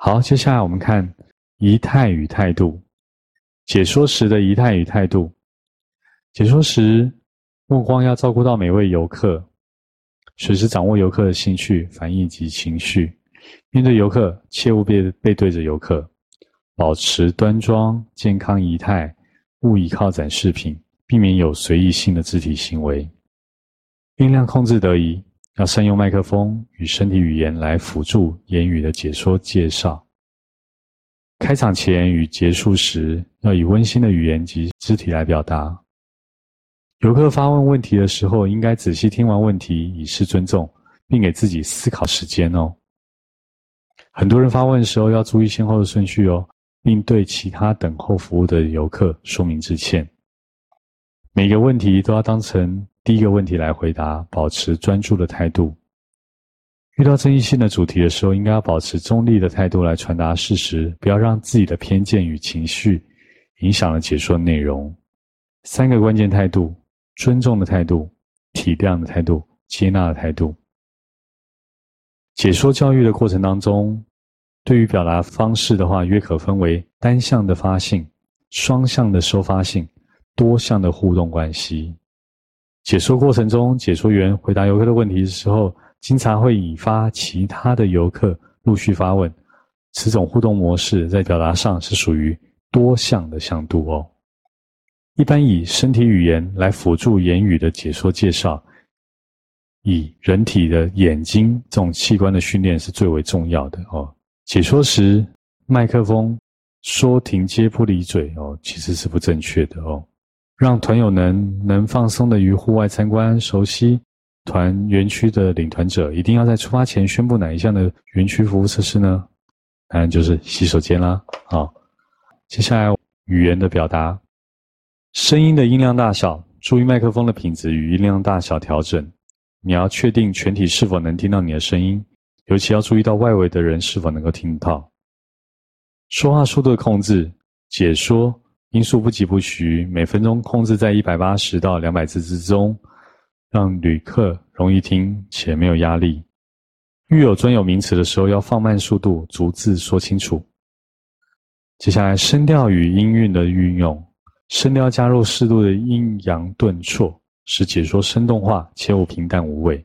好，接下來我們看儀態與態度。解說時的儀態與態度，解說時目光要照顧到每位遊客，隨時掌握遊客的興趣、反應及情緒。面對遊客，切勿背背對着遊客，保持端莊、健康儀態，勿倚靠展示品，避免有隨意性的肢體行為。音量控制得宜。要善用麥克風與身體語言來輔助言語的解說介紹。開場前與結束時，要以溫馨的語言及肢體來表達。遊客發問問題的時候，應該仔細聽完問題，以示尊重，並給自己思考時間哦。很多人發問的時候要注意先後的順序哦，並對其他等候服務的遊客說明致歉。每個問題都要當成第一個問題來回答：保持專注的態度。遇到爭議性的主題的時候，應該要保持中立的態度來傳達事實，不要讓自己的偏見與情緒影響了解說的內容。三個關鍵態度：尊重的態度、體諒的態度、接納的態度。解說教育的過程當中，對於表達方式的話，約可分為單向的發性、雙向的收發性、多向的互動關係。解說過程中，解說員回答遊客的問題的時候，經常會引發其他的遊客陸續發問。此種互動模式在表達上是屬於多向的向度哦。一般以身體語言來輔助言語的解說介紹，以人體的眼睛這種器官的訓練是最為重要的哦。解說時，麥克風說停接不離嘴哦，其實是不正確的哦。讓團友能能放鬆的於戶外參觀，熟悉團園區的領團者一定要在出發前宣布哪一項的園區服務設施呢？當然就是洗手間啦。好，接下來語言的表達，聲音的音量大小，注意麥克風的品質與音量大小調整。你要確定全體是否能聽到你的聲音，尤其要注意到外圍的人是否能夠聽到。說話速度的控制，解說。音速不疾不徐，每分鐘控制在一百八十到兩百字之中，讓旅客容易聽且沒有壓力。遇有專有名詞的時候，要放慢速度，逐字說清楚。接下來，聲調與音韻的運用，聲調加入適度的陰陽頓挫，使解說生動化，切勿平淡無味。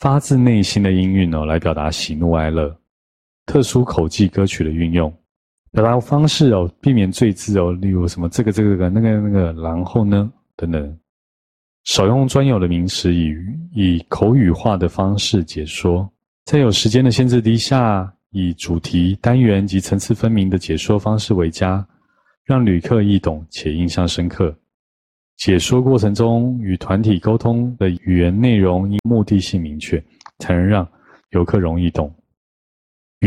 發自內心的音韻呢，來表達喜怒哀樂。特殊口技歌曲的運用。表達方式哦，避免贅字哦，例如什麼這個這個那個那個，然後呢等等，少用專有的名詞以，以以口語化的方式解說。在有時間的限制底下，以主題單元及層次分明的解說方式為佳，讓旅客易懂且印象深刻。解說過程中與團體溝通的語言內容，應目的性明確，才能讓遊客容易懂。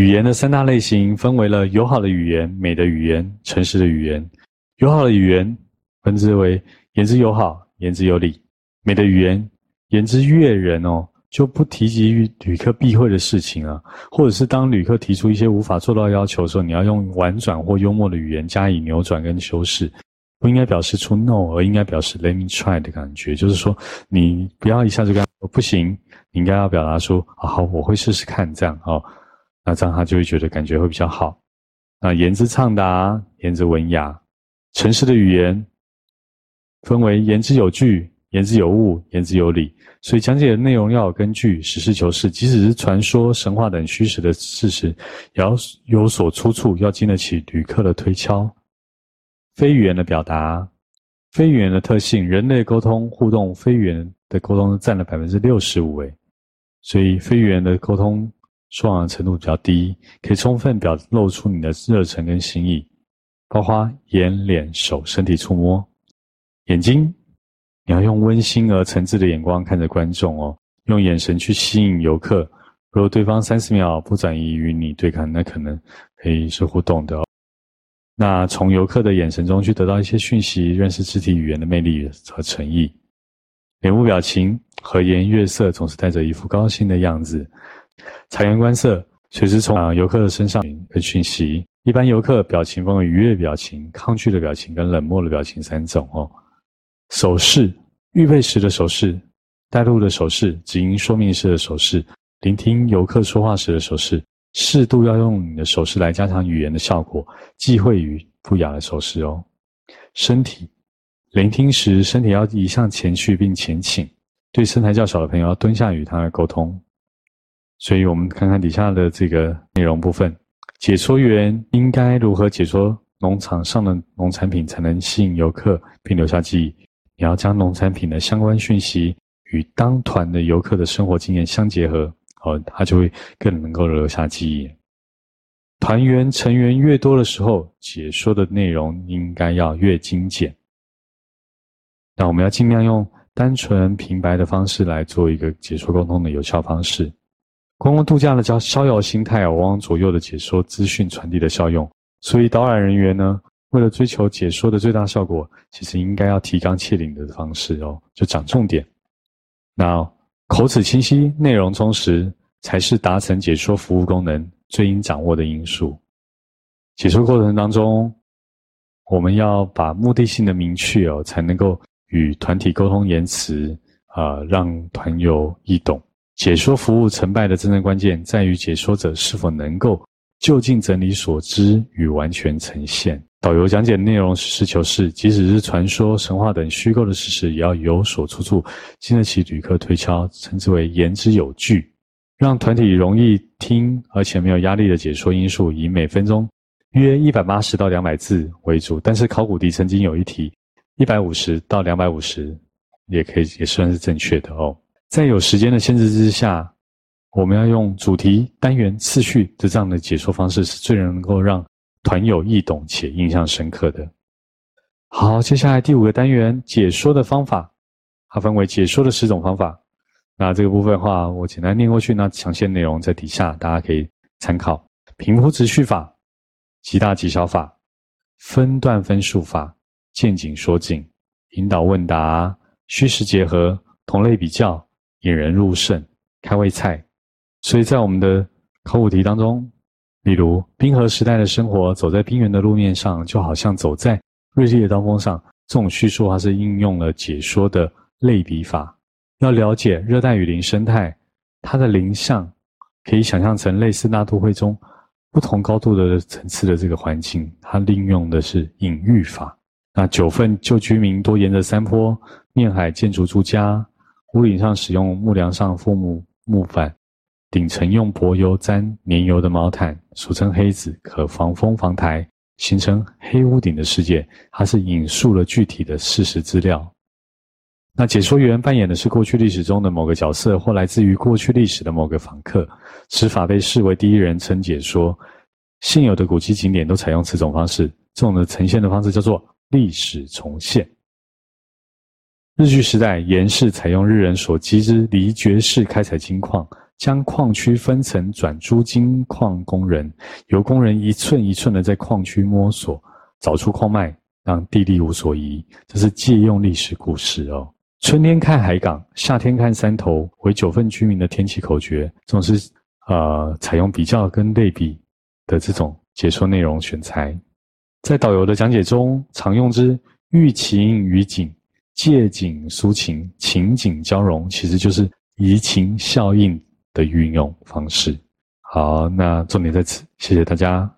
語言的三大類型分為了友好的語言、美的語言、誠實的語言。友好的語言分之為言之友好、言之有理；美的語言言之悅人哦，就不提及旅客避諱的事情啊，或者是當旅客提出一些無法做到的要求的時候，你要用婉轉或幽默的語言加以扭轉跟修飾。不應該表示出 no，而應該表示 let me try 的感覺，就是說你不要一下子跟他說不行，你應該要表達出，好，我會試試看這樣哦。那這樣他就會覺得感覺會比較好。啊，言之暢達，言之文雅，誠實的語言。分為言之有據、言之有物、言之有理。所以講解的內容要有根據，實事求是。即使是傳說、神話等虛實的事實，也要有所出處，要經得起旅客的推敲。非語言的表達，非語言的特性，人類溝通互動，非語言的溝通佔了百分之六十五。誒，所以非語言的溝通。說謊程度比較低，可以充分表露出你的熱忱跟心意，包括眼、臉、手、身體觸摸，眼睛，你要用溫馨而誠摯的眼光看着觀眾哦，用眼神去吸引遊客。如果對方三十秒不轉移與你對抗，那可能可以是互動的哦。那從遊客的眼神中去得到一些訊息，認識肢體語言的魅力和誠意。臉部表情和顏悅色，總是帶着一副高興的樣子。察言觀色，隨時從遊客的身上跟訊息。一般遊客表情分為愉悅的表情、抗拒的表情跟冷漠的表情三種哦。手勢：預備時的手勢、帶路的手勢、指引說明時的手勢、聆聽遊客說話時的手勢。適度要用你的手勢來加強語言的效果，忌諱於不雅的手勢哦。身體：聆聽時身體要移向前去並前傾，對身材較小的朋友要蹲下與他人溝通。所以我們看看底下的這個內容部分，解說員應該如何解說農場上的農產品，才能吸引遊客並留下記憶？你要將農產品的相關訊息與當團的遊客的生活經驗相結合，哦，他就會更能夠留下記憶。團員成員越多的時候，解說的內容應該要越精簡。那我們要盡量用單純平白的方式來做一個解說溝通的有效方式。觀光度假的叫逍遙心態往往左右的解說資訊傳遞的效用。所以導覽人員呢，為了追求解說的最大效果，其實應該要提綱挈領的方式哦，就講重點。那口齒清晰、內容充實，才是達成解說服務功能最應掌握的因素。解說過程當中，我們要把目的性的明確哦，才能夠與團體溝通言辭啊、呃，讓團友易懂。解說服務成敗的真正關鍵，在於解說者是否能夠就近整理所知與完全呈現。導遊講解的內容實事求是，即使是傳說、神話等虛構的事實，也要有所出處，經得起旅客推敲，稱之為言之有據。讓團體容易聽而且沒有壓力的解說因素，以每分鐘約一百八十到兩百字為主。但是考古題曾經有一題一百五十到兩百五十，也可以也算是正確的哦。在有時間的限制之下，我們要用主題單元次序的這樣的解說方式，是最能夠讓團友易懂且印象深刻的。好，接下來第五個單元解說的方法，它分為解說的十種方法。那這個部分的話，我簡單念過去，那詳細內容在底下大家可以參考：平鋪直敘法、極大極小法、分段分述法、見景說景、引導問答、虛實結合、同類比較。引人入勝，開胃菜，所以在我們的考古題當中，比如冰河時代的生活，走在冰原的路面上，就好像走在銳利的刀鋒上，這種敘述它是應用了解說的類比法。要了解熱帶雨林生態，它的林相可以想象成類似大都會中不同高度的層次的這個環境，它利用的是隱喻法。那九份舊居民多沿着山坡面海建築住家。屋頂上使用木樑上覆木木板，頂層用薄油粘粘油的毛毯，俗稱黑子，可防風防台，形成黑屋頂的世界。它是引述了具體的事實資料。那解說員扮演的是過去歷史中的某個角色，或來自於過去歷史的某個訪客。此法被視為第一人稱解說。現有的古蹟景點都採用此種方式。這種的呈現的方式叫做歷史重現。日據時代，顏氏採用日人所知之狸掘式開採金礦，將礦區分層轉租金礦工人，由工人一寸一寸的在礦區摸索，找出礦脈，讓地利無所遺，這是借用歷史故事哦。春天看海港，夏天看山頭，為九份居民的天氣口訣，總是呃採用比較跟類比的這種解說內容選材，在導遊的講解中，常用之寓情於景。借景抒情，情景交融，其實就是移情效應的運用方式。好，那重點在此，謝謝大家。